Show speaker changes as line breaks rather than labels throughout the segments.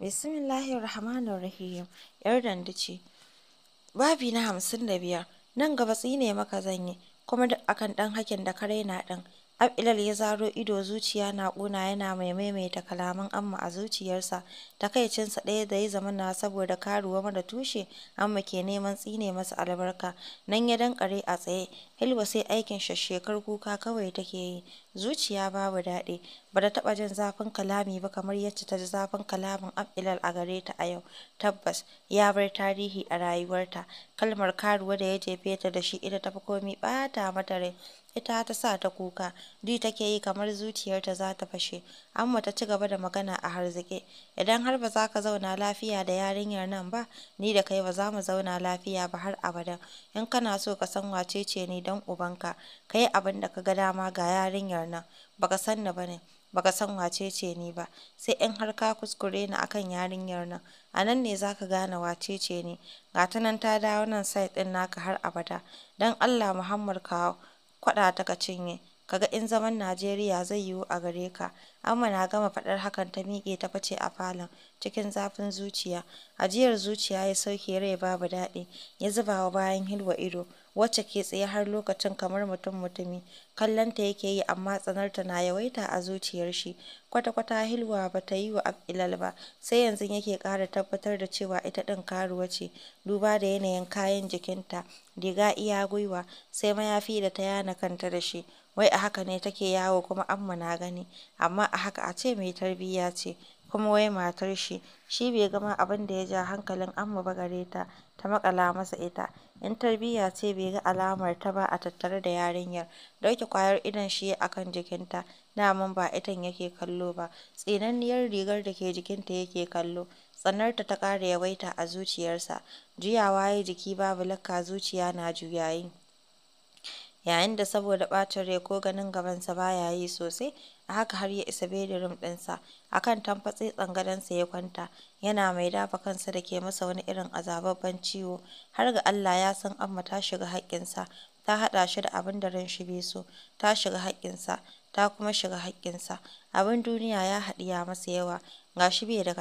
Bismillahirrahmanirrahim. Rahmanir Rahim. Yar danda ce. Babi na hamsin da biyar. Nan gaba tsine maka zan yi kuma duk akan ɗan hakin da ka raina ɗin. ab'ilal ya zaro ido zuciya na ƙuna yana mai maimaita kalaman Amma a zuciyarsa, takaicinsa ɗaya da ya zama na saboda karuwa mara tushe Amma ke neman tsine masa albarka, nan ya kare a tsaye, Hilwa sai aikin shashshekar kuka kawai take yi, zuciya babu daɗi, ba da taɓa jin zafin kalami ba kamar yacce ta ji zafin kalamin abilal a gare ta a yau, tabbas ya bar tarihi a rayuwarta, kalmar karuwa da ya jefe ta da shi ita ta fi komi ɓata mata rai. ita ta sa ta kuka di take yi kamar zuciyarta za ta fashe amma ta ci gaba da magana a harzike idan har ba za ka zauna lafiya da yarinyar nan ba ni da kai ba za mu zauna lafiya ba har abada in kana so ka san wace ce ni dan ubanka kai abin da ka ga dama ga yarinyar nan baka san ni bane baka san wace ce ni ba sai in har ka kuskure ni akan yarinyar nan a nan ne ka gane wace ce ni ga ta nan ta dawo nan site din naka har abada dan Allah Muhammad kawo kwaɗa ta ka cinye Ka ga in zaman Najeriya zai yiwu a gare ka Amma na gama faɗar hakan ta miƙe ta fice a falon cikin zafin zuciya ajiyar zuciya ya sauke rai babu daɗi ya zubawa bayan Hilwa ido wacce ke tsaye har lokacin kamar mutum-mutumi, kallonta yake yi amma tsanarta na yawaita a zuciyar shi, kwata-kwata Hilwa ba ta yi wa abilal ba, sai yanzu yake ƙara tabbatar da cewa ita ɗin karuwa ce, duba da yanayin kayan jikinta, riga iya gwiwa, sai mayafi da ta yana kanta da shi, wai a haka ne take yawo kuma Amma na gani, amma a haka a ce mai tarbiyya ce. kuma wai matar shi, shi bai gama ma abin da ya ja hankalin Amma ba gare ta, ta makala masa ita, in tarbiyya ce bai ga alamar ta ba a tattare da yarinyar, dauke kwayar idon shi akan a kan jikinta, daman ba itan yake kallo ba, tsinanniyar rigar da ke jikinta yake kallo, tsanarta ta kara yawaita a zuciyarsa, juyawa yayi jiki babu lakka zuciya na juyayi. yayin da saboda ɓacin rai ko ganin gabansa ba ya yi sosai a haka har ya isa bedroom ɗinsa a kan tamfatsi tsangadansa ya kwanta yana mai dafa kansa da ke masa wani irin azababban ciwo har ga Allah ya san Amma ta shiga haƙƙinsa ta haɗa shi da abin da ran shi bai so ta shiga haƙƙinsa ta kuma shiga haƙƙinsa. Abin duniya ya haɗu masa yawa, ga shi bai da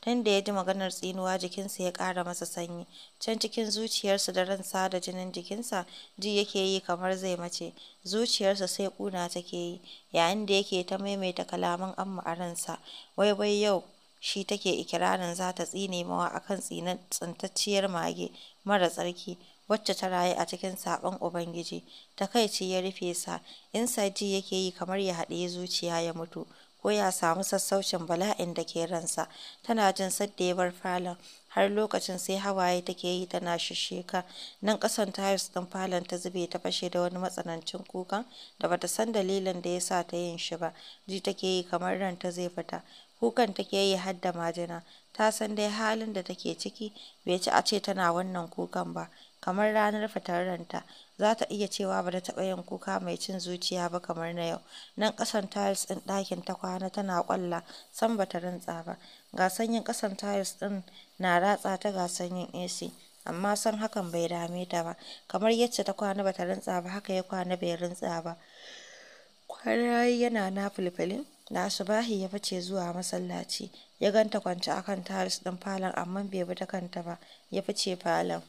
tun da ya ji maganar tsinuwa jikinsa ya ƙara masa sanyi. Can cikin zuciyarsa da ransa da jinin jikinsa ji yake yi kamar zai mace. Zuciyarsa sai ƙuna take yi, yayin da yake ta maimaita kalaman Amma a ransa. Wai wai yau shi take ikirarin za ta tsine mawa akan kan tsintacciyar mage mara tsarki. wacce ta rayu a cikin saɓon Ubangiji, takaici ya rufe sa, in saji yake yi kamar ya haɗe zuciya ya mutu, ko ya samu sassaucin bala'in da ke ransa, tana jin sadda ya bar falon, har lokacin sai hawaye take yi tana sheka. nan ƙasan tiles ɗin falon ta zube ta fashe da wani matsanancin kukan da bata san dalilin da ya sa ta yin shi ba, ji take yi kamar ran ta zai fita, kukan take yi har da majina, ta san dai halin da take ciki bai ci a ce tana wannan kukan ba. kamar ranar fataranta za ta iya cewa ba ta taɓa yin kuka mai cin zuciya ba kamar na yau nan ƙasan tiles ɗin ɗakin ta kwana tana ƙwalla san ba ta rantsa ba ga sanyin ƙasan tiles ɗin na ratsa ta ga sanyin AC amma san hakan bai dame ta ba kamar yacce ta kwana ba ta rantsa ba haka ya kwana bai rantsa ba kwarai yana na filfilin da asubahi ya fice zuwa masallaci ya ganta kwance akan tiles ɗin falon amma bai bi ta kanta ba ya fice falon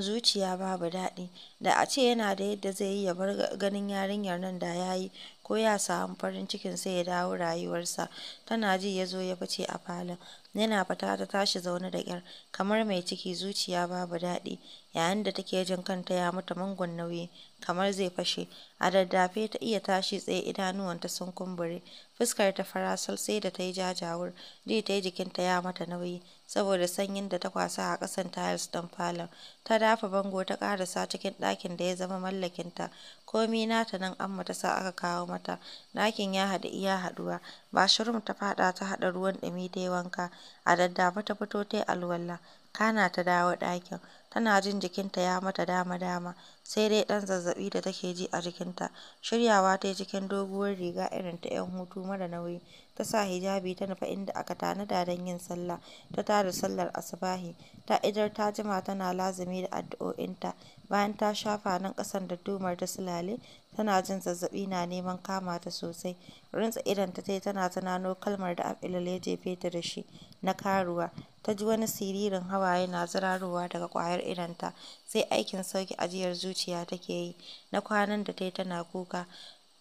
zuciya babu daɗi, da a ce yana da yadda zai yi ya bar ganin yarinyar nan da ya yi, ko ya samu farin cikin sai ya dawo rayuwarsa, tana ji ya zo ya fice a falon. Yana fata ta tashi zaune da kyar. kamar mai ciki zuciya babu daɗi, yayin da take jin kanta ya mata mungun nauyi, kamar zai fashe. A daddafe ta iya tashi tsaye idanuwanta sun kumbure, fuskar ta farasal sai da ta yi jajawur, ji ta yi jikinta ya mata nauyi, saboda sanyin da ta kwasa a ƙasan tiles ɗin falon. Ta dafa bango ta ƙarasa cikin ɗakin da ya zama mallakinta, komi nata nan amma ta sa aka kawo mata, ɗakin ya haɗu iya haɗuwa, bathroom ta faɗa ta haɗa ruwan ɗumi ta yi wanka. A daddafa ta fito ta yi alwala, kana ta dawo ɗakin. Tana jin jikinta ya mata dama-dama, sai dai ɗan zazzaɓi da take ji a jikinta. Shiryawa ta yi cikin doguwar riga irin ta 'yan hutu mara nauyi, ta sa hijabi ta nufa inda aka tanada don yin sallah. Ta tada sallar asubahi, ta idar ta jima tana lazumi da addu'o'inta. Bayan ta shafa nan ƙasan da daddumar ta silale. tana jin zazzabi na neman kama ta sosai. Rintsa idan ta tai tana tunano kalmar da Abdul ya jefe ta da shi na karuwa. Ta ji wani siririn hawaye na zirarowa daga kwayar idonta, sai aikin sauki ajiyar zuciya take yi, na kwanan da ta tana kuka.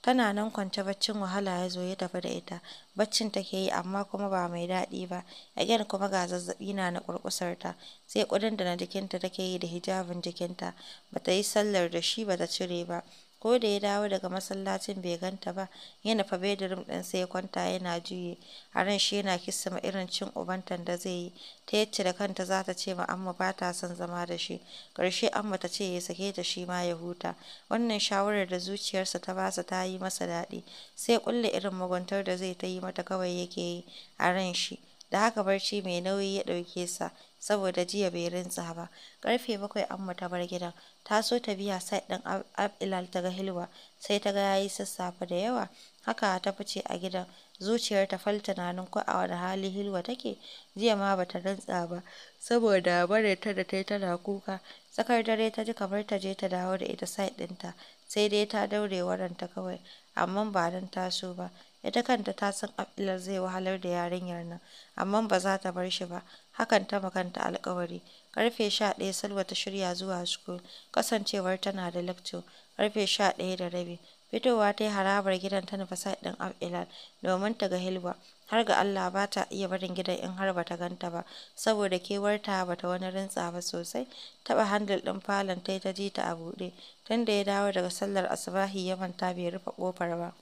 Tana nan kwance baccin wahala ya zo ya tafi da ita, baccin take yi amma kuma ba mai daɗi ba, again kuma ga zazzabi na na ta sai kudin da na jikinta take yi da hijabin jikinta, ba ta yi sallar da shi ba ta cire ba. ko da ya dawo daga masallacin bai ganta ba ya nufa bedroom ɗin sai ya kwanta yana juye a ran shi yana ma irin cin ubantan da zai yi ta yacce da kanta za ta ce ma amma ba ta son zama da shi Karshe amma ta ce ya sake ta shi ma ya huta wannan shawarar da zuciyarsa ta basa ta yi masa daɗi sai kulle irin muguntar da zai ta yi mata kawai yake yi a ran shi da haka barci mai nauyi ya ɗauke sa saboda jiya bai rintsa ba karfe bakwai amma ta bar gidan ta so ta biya sai ɗin ab'ilal ta ga hilwa sai ta ga yayi sassafe da yawa haka ta fice a gidan zuciyar ta fal tunanin ko a wani hali hilwa take jiya ma ba ta rintsa ba saboda bare ta da ta yi tana kuka tsakar dare ta ji kamar ta je ta dawo da ita sai ɗinta sai dai ta daure waranta kawai amma ba dan taso ba ita kanta ta san abdullahi zai wahalar da yarinyar nan amma ba za ta bar shi ba hakan ta makanta alkawari karfe 11 Salwa ta shirya zuwa school kasancewar tana da lecture karfe 11 da rabi fitowa ta yi harabar gidan ta nufa side ɗin abdullahi domin ta ga Hilwa har ga Allah ba ta iya barin gidan in har ba ta ganta ba saboda kewarta bata wani rintsa ba sosai taɓa handle ɗin falon ta yi ta ji ta a buɗe tunda ya dawo daga sallar asubahi ya manta bai rufe kofar ba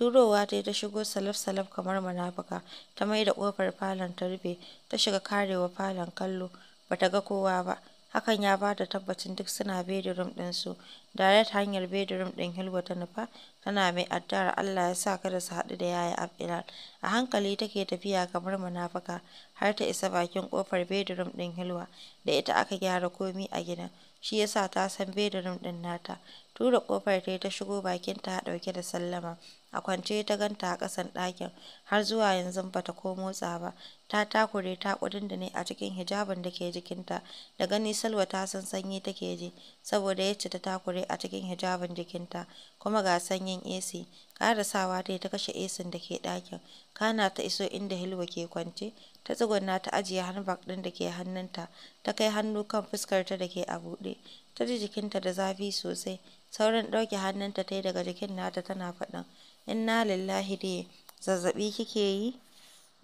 Turowa ta ta shigo salaf-salaf kamar munafuka, ta mai da ƙofar falon ta rufe, ta shiga karewa falon kallo, ba ta ga kowa ba. Hakan ya ba da tabbacin duk suna bedroom ɗinsu. ta hanyar bedroom ɗin Hilwa ta nufa, tana mai addu'ar Allah ya sa kada su haɗu da Yaya Abdillah. A hankali take tafiya kamar munafuka, har ta isa bakin ƙofar bedroom ɗin Hilwa, da ita aka gyara komi a gidan, shi yasa ta san bedroom ɗin nata. Tura ƙofar ta ta shigo bakinta ta ɗauke da sallama. a kwance ta ganta a kasan ɗakin har zuwa yanzu bata ko motsa ba ta takure ta ne a cikin hijabin da ke jikinta da gani Salwa ta san sanyi take ji saboda yacce ta takure a cikin hijabin jikinta kuma ga sanyin AC karasawa dai ta kashe AC da ke ɗakin kana ta iso inda Hilwa ke kwance ta tsugunna ta ajiye handbag ɗin da ke hannunta ta kai hannu kan fuskarta da ke a buɗe ta ji jikinta da zafi sosai sauran ɗauke hannunta ta yi daga jikin nata tana faɗin Inna lillahi dai zazzabi kike yi?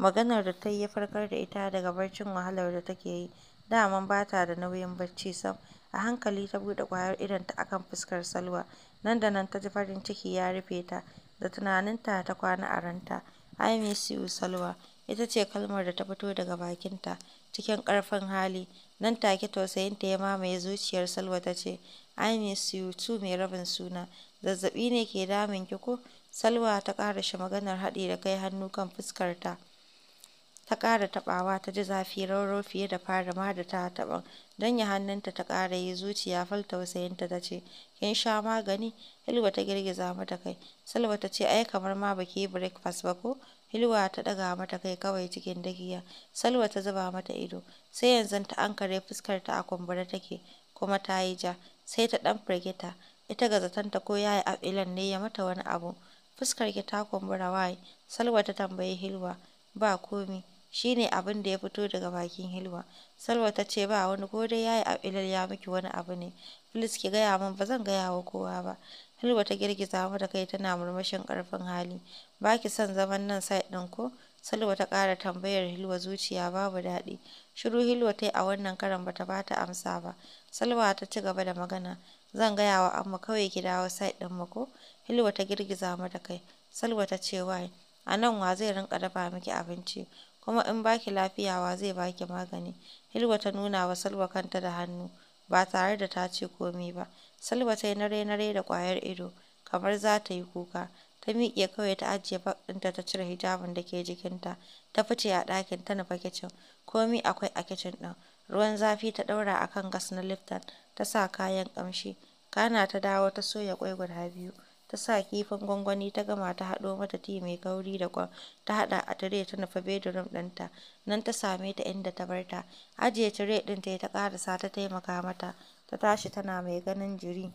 Maganar da ta yi ya farkar da ita daga barcin wahalar da take yi. Daman ba ta da nauyin barci sam. A hankali ta buɗe ƙwayar idan a akan fuskar Salwa. Nan da nan ta ji farin ciki ya rufe ta, da tunaninta ta kwana a ranta. "I miss you Salwa" ita ce kalmar da ta fito daga bakinta cikin karfin hali. Nan take tausayinta ya mamaye zuciyar Salwa ta ce, "I miss you too mai rabin suna. zazzabi ne ke damin ki ko? Salwa ta shi maganar haɗi da kai hannu kan fuskarta. Ta kara taɓawa ta ji zafi rauro fiye da fara ma da ta taɓa. Danya hannunta ta kara yi zuciya fal tausayinta ta ce, Kin sha magani? Hilwa ta girgiza mata kai. Salwa ta ce, Ai kamar ma baki yi breakfast ba ko? Hilwa ta ɗaga mata kai kawai cikin dagiya. Salwa ta zuba mata ido. Sai yanzu ta ankare fuskarta a kumbura take, kuma ta yi ja. Sai ta ɗan firgita. Ita ga zatanta ko yayi afilan ne ya mata wani abu. fuskar ki ta kumbura wai? Salwa ta tambayi Hilwa. Ba komi. Shi ne abin da ya fito daga bakin Hilwa. Salwa ta ce ba wani ko dai yayi Abilal ya miki wani abu ne. filis ki gaya min ba zan gaya wa kowa ba. Hilwa ta girgiza mu da kai tana murmushin karfin hali. Ba ki son zaman nan sai din ko? Salwa ta kara tambayar Hilwa zuciya babu daɗi. Shiru Hilwa ta yi a wannan karan bata bata amsa ba. Salwa ta ci gaba da magana. zan gaya wa amma kawai ki dawo site ɗin mu ko Hilwa ta girgiza da kai Salwa ta ce wai a nan wa zai rinka dafa miki abinci kuma in baki lafiya wa zai baki magani Hilwa ta nuna wa Salwa kanta da hannu ba tare da ta ce komai ba Salwa ta yi nare-nare da kwayar ido kamar za ta yi kuka ta miƙe kawai ta ajiye bag ɗinta ta cire hijabin da ke jikinta ta fice a ɗakin ta nufa kicin komi akwai a kicin ɗin ruwan zafi ta ɗaura a kan gas na lifton ta sa kayan ƙamshi kana ta dawo ta soya kwai guda biyu, ta sa kifin gwangwani ta gama ta haɗo mata ti mai kauri da kwan ta haɗa a tire ta nufa bedroom ɗinta, nan ta same ta inda ta bar ta, ajiye tire ɗin ta ta ƙarasa ta taimaka mata, ta tashi tana mai ganin jiri.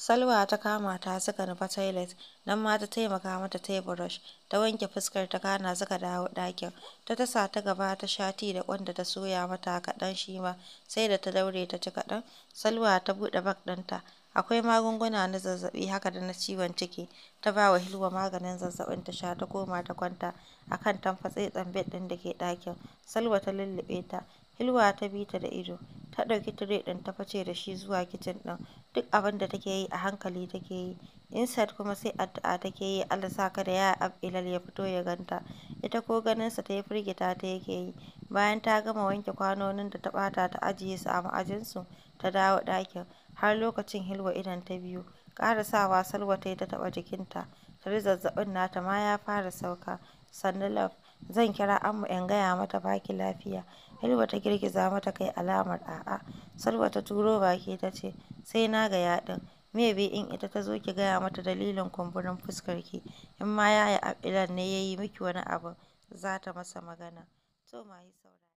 Salwa ta kama ta suka nufa toilet, nan ma ta taimaka mata ta brush, ta wanke fuskar ta kana suka dawo ɗakin. Ta tasa ta gaba ta sha tea da ƙwan ta soya mata kaɗan shi ma, sai da ta daure ta ci kaɗan. Salwa ta buɗe bag ɗinta, akwai magunguna na zazzabi haka da na ciwon ciki. Ta ba wa Hilwa maganin zazzabin ta sha ta koma ta kwanta a kan tamfatsefen bed ɗin da ke ɗakin. Salwa ta lulluɓe ta, Hilwa ta bi ta da ido, ta ɗauki tire ɗin ta fice da shi zuwa kicin ɗin. Duk abin da take yi a hankali take yi. Insert kuma sai addu'a take yi Allah sa kada ya Abilal ya fito ya ganta. Ita ko ganin ganinsa ta yi firgita ta yake yi. Bayan ta gama wanke kwanonin da ta ɓata ta ajiye su a ma'ajinsu ta dawo ɗakin. Har lokacin Hilwa idan ta biyu. Ƙarasawa Salwa ta yi ta taɓa jikinta. Tare zazzabin nata ma ya fara sauka. Sannu Love Zan kira Amma in gaya mata baki lafiya. Halima ta girgiza mata kai alamar a'a. Salwa ta turo baki ta ce, sai na ga ɗin. Maybe in ita ta zo ki gaya mata dalilin kumburin fuskar ki In ma yaya Abilan ne yayi yi miki wani abu? za ta masa magana. To